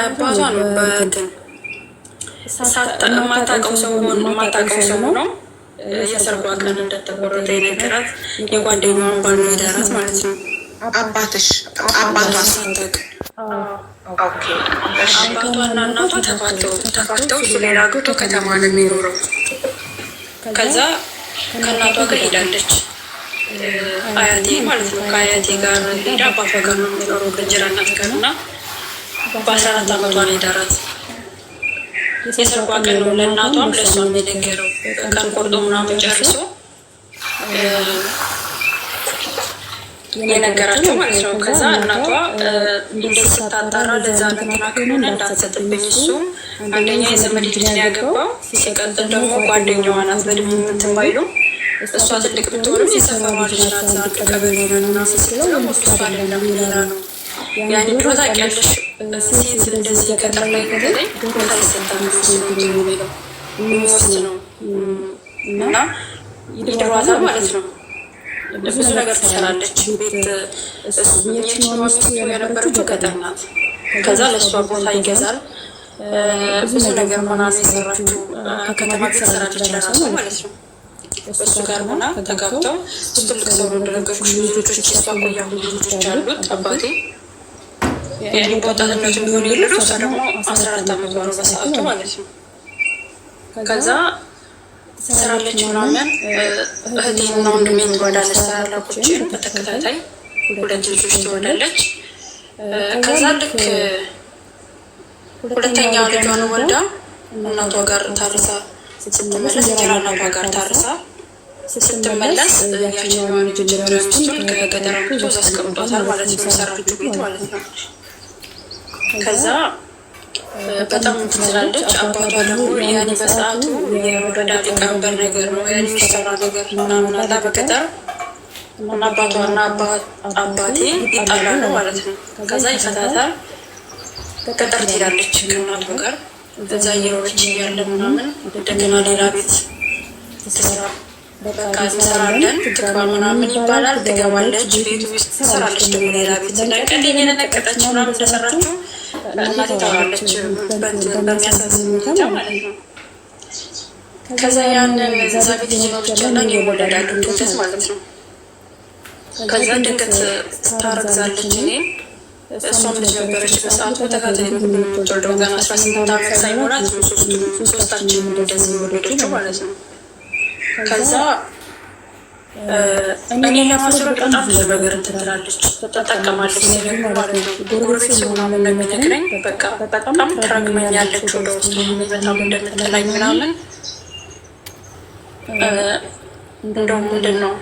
አባቷን በእንትን የማታውቀው ሰው ነው የሰርጓ ቀን እንደተቆረጠ የነገራት የጓደኛዋን ባል የዳራት ማለት ነው። አባትሽ አባቷ ሳታውቅ አባቷና እናቷ ተፋተው ተፋተው ሌላ ገብቶ ከተማ ነው የሚኖረው። ከዛ ከእናቷ ጋር ሄዳለች አያቴ ማለት ነው። ከአያቴ ጋር ሄዳ አባቷ ጋር ነው የሚኖረው ከእንጀራ እናት ጋር እና በአስራ አራት አመቷ ነው የዳራት። የሰርጓ ቀን ነው ለእናቷም ለእሷም የነገረው ቀን ቆርጦ ምናምን ጨርሶ የነገራቸው ማለት ነው። ከዛ እናቷ እንደዚህ ስታጣራ ለዛ ለተናገሩን እንዳትሰጥብኝ፣ እሱም አንደኛ የዘመድ ልጅ ነው ያገባው፣ ሲቀጥል ደግሞ ጓደኛዋ ናት በድሜ የምትባይሉ እሷ ትልቅ ብትሆንም የሰፈሯ ልጅ ናት። አንዱ ቀበሌ ነው ምናምን ሲለው እሷ ሌላ ነው ያን ድሮ ታውቂያለሽ፣ ሴት እንደዚህ ገጠር ላይ በተለይ ቦታ የሚወስድ ነው እና ይድሯታል ማለት ነው። ብዙ ነገር ትሰራለች። ቤት ሚስቱ የነበረችው ገጠር ናት። ከዛ ለእሷ ቦታ ይገዛል። ብዙ ነገር ሆና የሰራችው። ከተማ ቤት ትሰራለች ማለት ነው። እሱ ጋር ሆና ተጋብተው እሱም ሰው እንደነገርኩሽ። ልጆች የሷ ልጆች አሉት አባቴ የድንቅ ወጣቶች ቢሆን የለ እሷ ደግሞ አስራ አራት ዓመቷ ነው በሰዓቱ ማለት ነው። ከዛ ስራለች ምናምን እህቴና ወንድሜን ትወልዳለች። ስራላኮችን በተከታታይ ሁለት ልጆች ትወልዳለች። ከዛ ልክ ሁለተኛው ልጇን ወልዳ እናቷ ጋር ታርሳ ስትመለስ ሌላ እናቷ ጋር ታርሳ ስትመለስ ያችኛዋን ልጅ ገጠራ ሶስ አስቀምጧታል ማለት ነው። የሰራችው ቤት ማለት ነው። ከዛ በጣም ትላለች። አባቷ ደግሞ ያኔ በሰዓቱ የወረዳ ሊቀመንበር ነገር ነው ያኔ የሚሰራ ነገር ምናምን አላ በቀጠር እና አባቷና አባቴ ይጣላሉ ማለት ነው። ከዛ ይፈታታል። በቀጠር ትሄዳለች ከእናቷ ጋር እዛ እየኖረች እያለ ምናምን እንደገና ሌላ ቤት ትሰራ በቃ እንሰራለን ትግባ ምናምን ይባላል። ትገባለች ቤት ውስጥ ትሰራለች። ደግሞ ሌላ ቤት ነቀድ የነነቀጠች ምናምን እንደሰራችው እናቴ ታወራለች በሚያሳዝን ሁኔታ ማለት ነው። ከዛ ያንን እዛ ቤት ጅኖቻለን ይወለዳሉ ድንገት ማለት ነው። ከዛ ድንገት ታረግዛለች። እኔ እሷም ልጅ ነበረች በሰዓቱ በተከታታይ ምትወልደው ገና አስራ ስምንት ዓመት ሳይሞላት ሶስታችን እንደዚህ ወለደችው ማለት ነው። ከዛ እኔ ለማስሮ በጣም ብዙ ነገር እንትን ትላለች ትጠቀማለች። ጎረቤት ምናምን ነው በቃ በጣም ትረግመኛለች፣ ወደ ውስጥ በጣም እንደምትለኝ ምናምን እንደው ምንድን ነው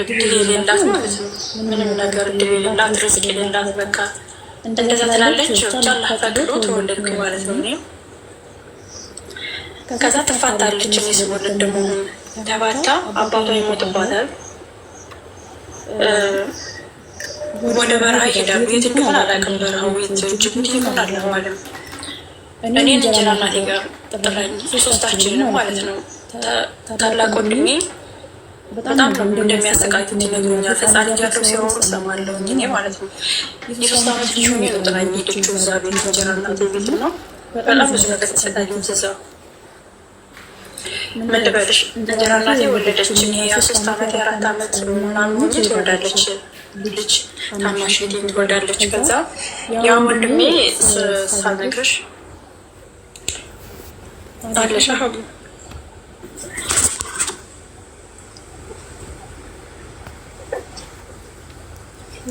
እድል የሌላት ማለት ነው። ምንም ነገር እድል የሌላት ርዝቅ የሌላት በቃ እንደዛ ትላለች። ብቻ ላፈግዶ ተወለድኩ ማለት ነው እኔም ከዛ ትፋታለች። ሚስቡን ደግሞ ተባታ አባቷ ይሞትባታል። ወደ በረሃ ይሄዳሉ። የት እንደሆነ አላውቅም። በረሃ ወይት ጅቡቲ ይሆን አለማለም እኔ ልጅና እናቴ ጋር ጥራኝ ሶስታችንን ማለት ነው። ታላቅ ወንድሜ በጣም ነው እንደሚያሰቃዩት ይነግሩኛል። ፈጻሪ እያለሁ ሲሆኑ እሰማለሁ እኔ ማለት ነው። የሶስት አመት ልጅ ሆኜ ነው ጥላኝ ሄደችው እዛ ቤት እንጀራ እናቴ ቤት ነው። በጣም ብዙ ነገር ተሰቃዩ ስሰው ምን ልበልሽ፣ እንጀራ እናቴ የሶስት የአራት ምናምን ትወልዳለች ልጅ ታናሽ ትወልዳለች። ከዛ ወንድሜ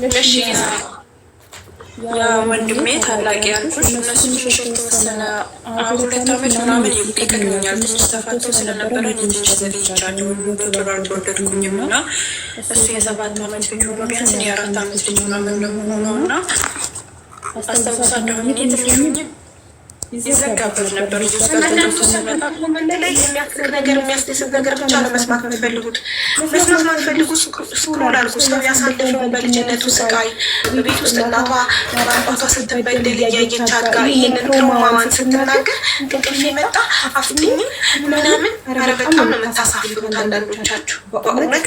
አለሽ እሺ ወንድሜ ታላቅ ያልኩሽ እነሱ ትንሽ የተወሰነ ሁለት ዓመት ምናምን ይቀድመኛል። ትንሽ ተፋቶ ስለነበረ ትንሽ ዘግይቻለሁ። ዶክተር አልተወለድኩኝም እና እሱ የሰባት ዓመት ልጅ ቢያንስ የአራት ዓመት ልጅ ምናምን ነው እና አስታውሳለሁ እኔ ትንሽ ይዘጋበት ነበር። የሚያክል ነገር የሚያስደስት ነገር ብቻ ነው መስማት የምትፈልጉት። መስማት ማትፈልጉ ስክሮል አድርጉ። ሰው ያሳለፈው በልጅነቱ ስቃይ በቤት ውስጥ እናቷ በአባቷ ስትበደል እያየች አድጋ ይህንን ትሮማማን ስትናገር እንቅልፍ የመጣ አፍጥኝ ምናምን። ኧረ በጣም ነው የምታሳፍሩት አንዳንዶቻችሁ በእውነት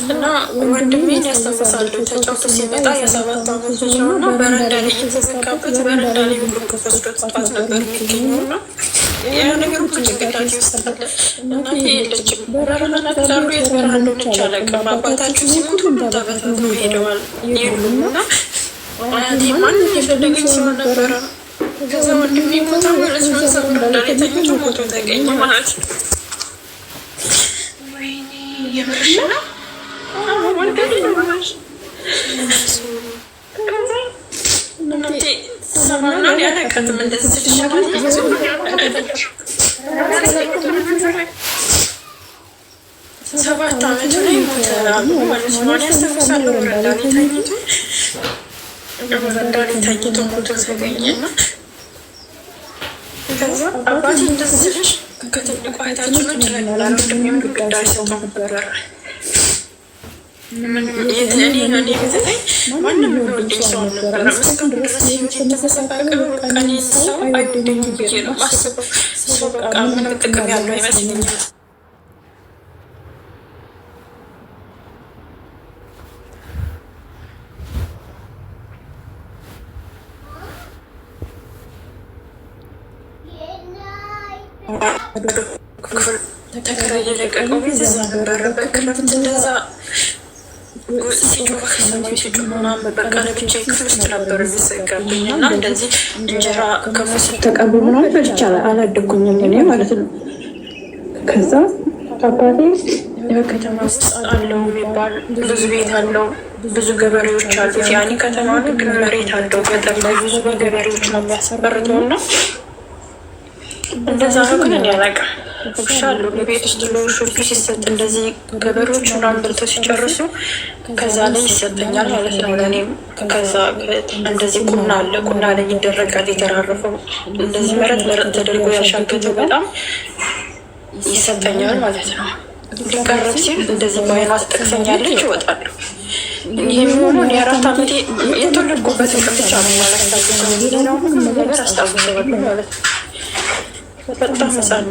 እና ወንድሜን ያስታውሳሉ። ተጫውቶ ሲመጣ የሰባት አመት ልጅ ነው እና በረንዳ ላይ የተዘጋበት በረንዳ ላይ ሁሉ ወስዶት ጥፋት ነበር የሚገኘው እና ያ ነገር ብዙ ጭንቅላት ይወስዳል። እናቴ የለችም። በረረናት ዳሩ የት እንደሆነች አላውቅም። አባታችሁ ሲሞት ሁሉም ተበታትነው ሄደዋል። ይሉም እና አያቴ ማንም የፈለገኝ ሲሆን ነበረ። ከዛ ወንድሜ ቦታ ማለት ነው ሰው እንዳለ ተኝቶ ተገኘ ማለት ነው። ወይኔ የምርሽ ነው ሰባት ዓመቱ ላይ ሞተ ማለት ነው። ያስታውሳለሁ ረዳኔ ታኝቶ ረዳኔ ታኝቶ ሞቶ ተገኘና ከዛ አባቴ እንደዚህ ከተልቋ አይታችን ረዳ ወንድሜም ግዳይ ሰጠው ነበረ ተከራየ ለቀቀው ቤት እዛ ነበረ በክረምት እንደዛ ሲጮህ እንጀራ ከሙስ ተቀብ ምናምን በልቻለ አላደጉኝም እኔ አለው ብዙ ገበሬዎች አሉት። ያኔ ከተማ ግን መሬት አለው በጣም ብዙ በገበሬዎች ነው የሚያሰበርተው እና እንደዛ ነው ግን እኔ አላውቅም ብሻሉ በቤት ውስጥ ለሾፒ ሲሰጥ እንደዚህ ገበሬዎች ምናምን በልተው ሲጨርሱ ከዛ ላይ ይሰጠኛል ማለት ነው። ለእኔም ከዛ እንደዚህ ቁና አለ ቁና ላይ ይደረጋል። የተራረፈው እንደዚህ መረጥ መረጥ ተደርጎ ያሻገተው በጣም ይሰጠኛል ማለት ነው። ሊቀረብ ሲል እንደዚህ ባይና አስጠቅሰኛለች ይወጣሉ። ይህ የሚሆነውን የአራት ዓመቴ የተወለድኩበት ብቻ ነው ማለት ነው። ነገር አስታውሰዋለሁ ማለት ነው። በጣም መሳነ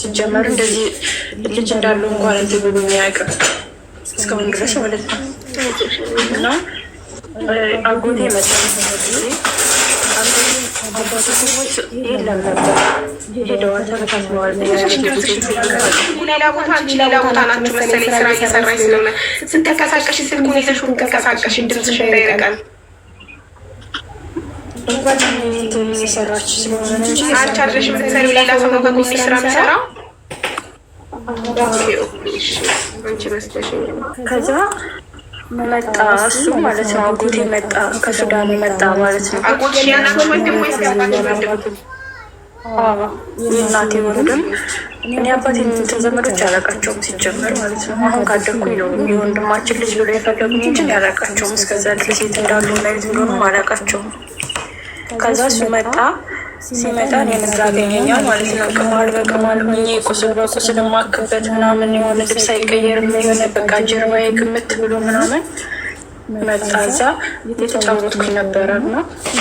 ሲጀመር እንደዚህ ልጅ እንዳለው እንኳን እንትን ብሎ የሚያውቅም እስካሁን ድረስ ማለት ነው። እና አጎቴ መጣ የለም ነበር ሄደዋል፣ ተበታትነዋል። ሌላ ቦታ አንቺ ሌላ ቦታ ናችሁ መሰለኝ ስራ እየሰራች ስለሆነ ስትንቀሳቀሽ ስልኩን ይዘሽ እንቀሳቀሽ ድምፅሽ እንዳይረቃል ከዛ መጣ እሱ ማለት ነው። አጎቴ መጣ፣ ከሱዳን መጣ ማለት ነው። የእናቴ ወንድም እኔ አባቴ እንትን ዘመዶች አላውቃቸውም ሲጀመር ማለት ነው። አሁን ካደኩኝ ነው የወንድማችን ልጅ ብሎ የፈለጉኝ እንጂ አላውቃቸውም። እስከዛ ድረስ የት እንዳሉ እና የት እንደሆኑ አላውቃቸውም። ከዛ እሱ መጣ። ሲመጣ እኔን አገኘኛል ማለት ነው። ቅማል በቅማል ሆኜ ቁስል በቁስል ማክበት ምናምን የሆነ ልብስ አይቀየርም የሆነ በቃ ጀርባዬ ግምት ብሎ ምናምን መጣ። እዛ የተጫወትኩኝ ነበረ እና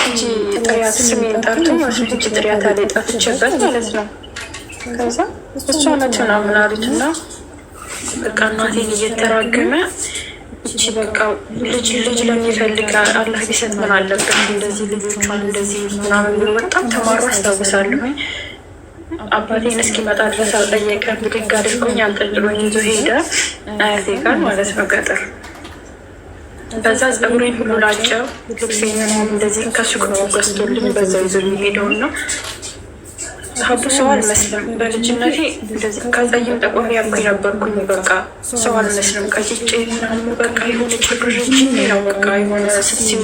ልጅ ጥሪያት ስሜን ጠርቶ ልጅ ጥሪያት ላይ ጠፍቼበት ማለት ነው። ከዛ እሷ ነች ምናምን አሉት እና በቃ እናቴን እየተራገመ እቺ በቃ ልጅ ልጅ ለሚፈልግ አላህ ቢሰጥ ምን አለበት? እንደዚህ ልጆቿን እንደዚህ ምናምን ብሎ በጣም ተማሩ አስታውሳለሁ። አባቴን እስኪመጣ ድረስ አልጠየቀ ብድግ አድርጎኝ አንጠልጥሎኝ ይዞ ሄደ። አያቴ ጋር ማለት ነው ገጠር። በዛ ጸጉሬን ሁሉ ላጨው፣ ምናምን እንደዚህ ከሱቅ ነው ገዝቶልኝ በዛ ይዞ የሚሄደውን ነው ሳቡ ሰው አልመስልም። በልጅነቴ እንደዚህ ከጸይም ጠቆር ያልኩኝ ነበርኩኝ። በቃ ሰው አልመስልም። ቀጭጭ ምናምን በቃ የሆነ ጭርጅኝ ነው በቃ የሆነ ስትሲው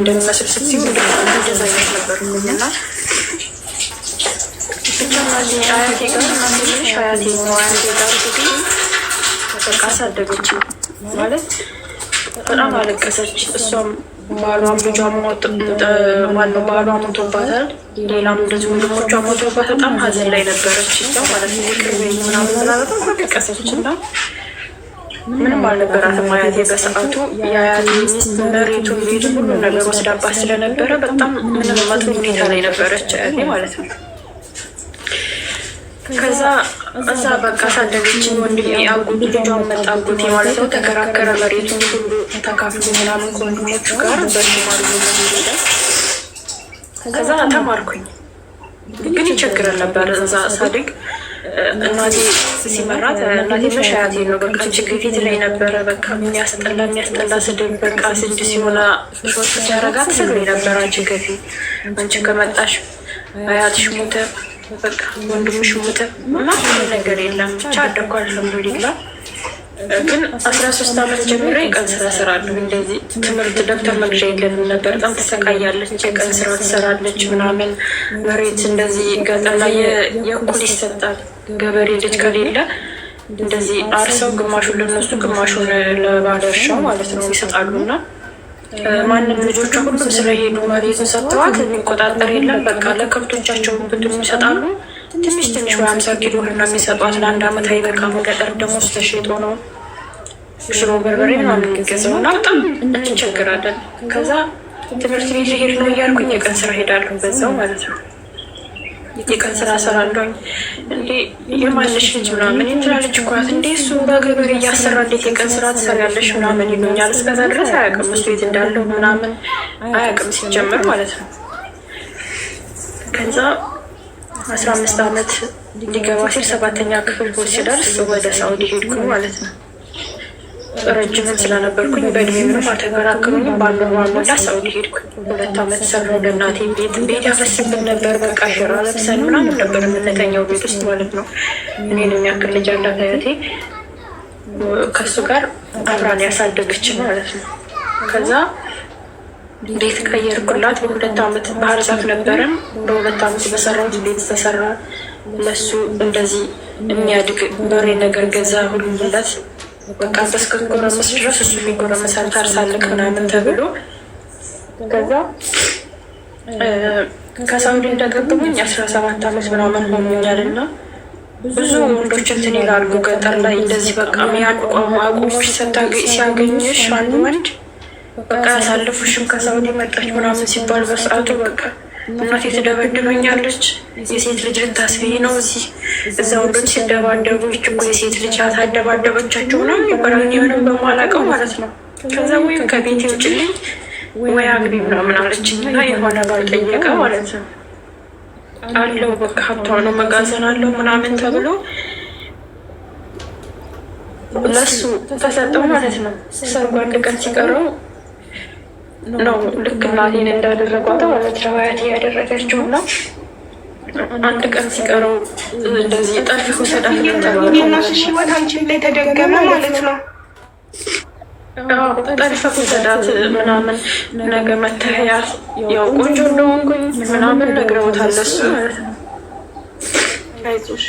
እንደሚመስል ስትሲው እንደዛ አይነት ነበር እና ብቻ አያቴ ጋር ማሽ አያቴ ነው አያቴ ጋር በቃ አሳደገችኝ ማለት በጣም አለቀሰች እሷም ባሏን ልጇ ማነው ባሏ ሞቶባታል። ሌላም እንደዚህ ወንድሞቿ ሞቶባት በጣም ሀዘን ላይ ነበረች ሰው ማለት ነው። ምናምና በጣም ተለቀሰች እና ምንም አልነበራትም አያቴ በሰዓቱ የአያቴ መሬቱን ቤቱ ሁሉ ነገር ወስዳባት ስለነበረ በጣም ምንም መጥፎ ሁኔታ ላይ ነበረች አያቴ ማለት ነው። ከዛ እዛ በቃ ሳደገችን ወንድሜ አጎት ልጇን መጣ አጎቴ ማለት ነው ተከራከረ። መሬቱ ሁሉ ተካፍሎ ምናምን ከወንድሞቹ ጋር በሽማሉ ሄደ። ከዛ ተማርኩኝ፣ ግን ይቸግረን ነበር እዛ ሳድግ እናቴ ሲመራት እናቴ መሻያቴ ነው። በቃ ችግር ፊት ላይ ነበረ። በቃ የሚያስጠላ የሚያስጠላ ስድብ በቃ ስድ ሲሆነ ሾት ሲያረጋት ስሉ ነበረ። ችግር ፊት አንቺ ከመጣሽ አያትሽ ሞተ ወንድምሽ ሙት እና ነገር የለም ብቻ አደኩ አልሐምዱሊላህ። ግን አስራ ሶስት ዓመት ጀምሮ የቀን ስራ ስራለሁ። እንደዚህ ትምህርት ደብተር መግዣ የለንም ነበር። በጣም ተሰቃያለች። የቀን ስራ ትሰራለች ምናምን። መሬት እንደዚህ ገጠላ የእኩል ይሰጣል። ገበሬ ልጅ ከሌለ እንደዚህ አርሰው ግማሹን ለነሱ ግማሹን እርሻው ማለት ነው ይሰጣሉና ማንም ልጆቹ ሁሉም ስለሄዱ መሬቱን ሰጥተዋል። የሚቆጣጠር የለም። በቃ ለከብቶቻቸው ብድር ይሰጣሉ። ትንሽ ትንሽ ወይ ሀምሳ ኪሎ ነው የሚሰጧት ለአንድ አመት አይበቃ። በገጠር ደግሞ ስተሸጦ ነው ሽሮ በርበሬ ምናምን የሚገዛው እና በጣም እንቸግራለን። ከዛ ትምህርት ቤት ሄድ ነው እያልኩኝ የቀን ስራ ሄዳለሁ በዛው ማለት ነው። የቀን ስራ ስራ እንዴ የማንሽ ልጅ ምናምን እንዴ እያሰራ እንዴት የቀን ስራ ትሰሪያለሽ ምናምን ይሉኛል። እስከዛ ድረስ አያውቅም እሱ እንዳለው ምናምን አያውቅም ሲጀምር ማለት ነው። ከዛ አስራ አምስት አመት ሊገባ ሲል ሰባተኛ ክፍል ሲደርስ ወደ ሳውዲ ሄድኩኝ ማለት ነው። ረጅም ስለነበርኩኝ በእድሜ ምንም አልተከራከሩኝም። ባለሯን ሞላ ሳውዲ ሄድኩ። ሁለት ዓመት ሰራሁ። ለእናቴ ቤት ቤት ያፈስብን ነበር። በቃ ሽራ ለብሰን ምናምን ነበር የምንተኛው ቤት ውስጥ ማለት ነው። እኔን የሚያክል ልጅ አንዳት አያቴ። ከእሱ ጋር አብራን ያሳደገች ማለት ነው። ከዛ ቤት ቀየርኩላት። በሁለት ዓመት ባህር ዛፍ ነበረን። በሁለት ዓመት በሰራሁት ቤት ተሰራ። ለሱ እንደዚህ የሚያድግ በሬ ነገር ገዛ ሁሉላት በቃ እስክንጎረመስ ድረስ እሱ የሚጎረመሳል ታርሳልክ ምናምን ተብሎ ከዛ ከሳውዲ እንደገባሁኝ አስራ ሰባት ዓመት ምናምን ሆኖኛል እና ብዙ ወንዶች እንትን ይላሉ ገጠር ላይ እንደዚህ በቃ ያንድ ቋማ አቁሞች ሲያገኝሽ አንድ ወንድ በቃ ያሳለፉሽም ከሳውዲ መጣች ምናምን ሲባል በሰዓቱ በቃ እናቴ ትደበድበኛለች። የሴት ልጅ ልታስብኝ ነው እዚህ እዛ ሁሉን ሲደባደቡ ይችኮ የሴት ልጅ አታደባደበቻቸው ነው ይባላል። የሆነም በማላውቀው ማለት ነው። ከዛ ወይም ከቤት ውጭልኝ ወይ አግቢ ምናምን አለች እና የሆነ ባል ጠየቀ ማለት ነው አለው በቃ ሀብቷ ነው መጋዘን አለው ምናምን ተብሎ ለሱ ተሰጠው ማለት ነው። ሰርጉ አንድ ቀን ሲቀረው ነው ልክ እናቴን እንዳደረጓት ማለት ነው አያቴ ያደረገችው እና አንድ ቀን ሲቀረው እንደዚህ ጠርፍ ሰዳት የእናትሽ ህይወት አንቺን ላይ ተደገመ ማለት ነው። ጠልፈ ሰዳት ምናምን ነገ መተያ ያው ቆንጆ እንደሆንኩኝ ምናምን ነግረውታል እሱ ማለት ነው። አይዞሽ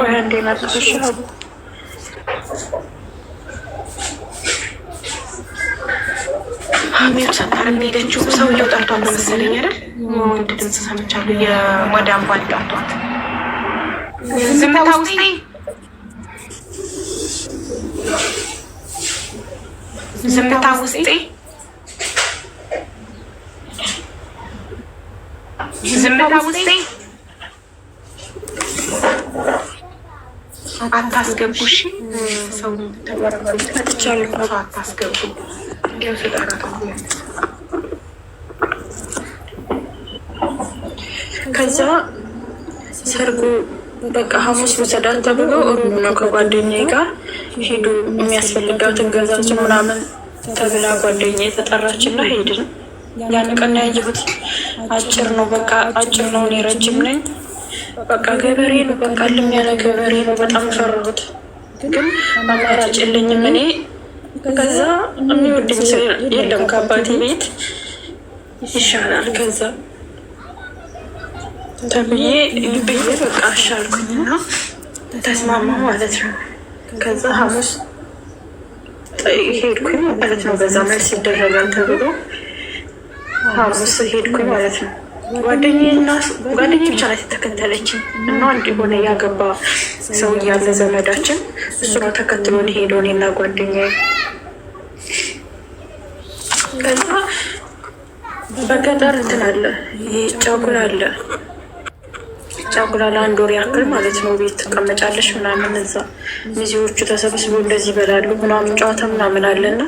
ቆይ አንዴ ናትሽ አሚር ሰፈር እንደሄደችው ሰውየው ጠርቷት በመሰለኝ አይደል? ወንድ ድምፅ ሰምቻለሁ። የማዳም ባል ጠርቷት ዝምታ ውስጤ ዝምታ ውስጤ ዝምታ ውስጤ አታስገቡሽ ሰው አታስገቡ ከዛ ሰርጉ በቃ ሐሙስ ውሰዳት ተብሎ እሑድ ነው ከጓደኛ ጋር ሄዱ። የሚያስፈልጋትን ገዛችን ምናምን ተብላ ጓደኛዬ ተጠራችና ሄድን። ያን ቀን ያየሁት አጭር ነው፣ በቃ አጭር ነው። እኔ ረጅም ነኝ። በቃ ገበሬ ነው፣ በቃ ልም ያለ ገበሬ ነው። በጣም ፈራሁት፣ ግን አማራጭ የለኝም እኔ ከዛ የለም ከአባቴ ቤት ይሻላል። ከዛ ተብዬ ልብዬ በቃ አሻልኩኝና ተስማማ ማለት ነው። ከዛ ሐሙስ ሄድኩኝ ማለት ነው። በዛ መልስ ይደረጋል ተብሎ ሐሙስ ሄድኩኝ ማለት ነው። ጓደኛዬ ብቻ ናት የተከተለችኝ እና አንድ የሆነ ያገባ ሰው እያለ ዘመዳችን እሱ ነው ተከትሎን ሄዶን እና ጓደኛዬ ከዛ በገጠር እንትን አለ ይሄ ጨጉል አለ ጨጉላ ወር ያክል ማለት ነው። ቤት ትቀመጫለች ምናምን እዛ ሚዜዎቹ ተሰብስበው እንደዚህ ይበላሉ ምናምን ጨዋታ ምናምን አለና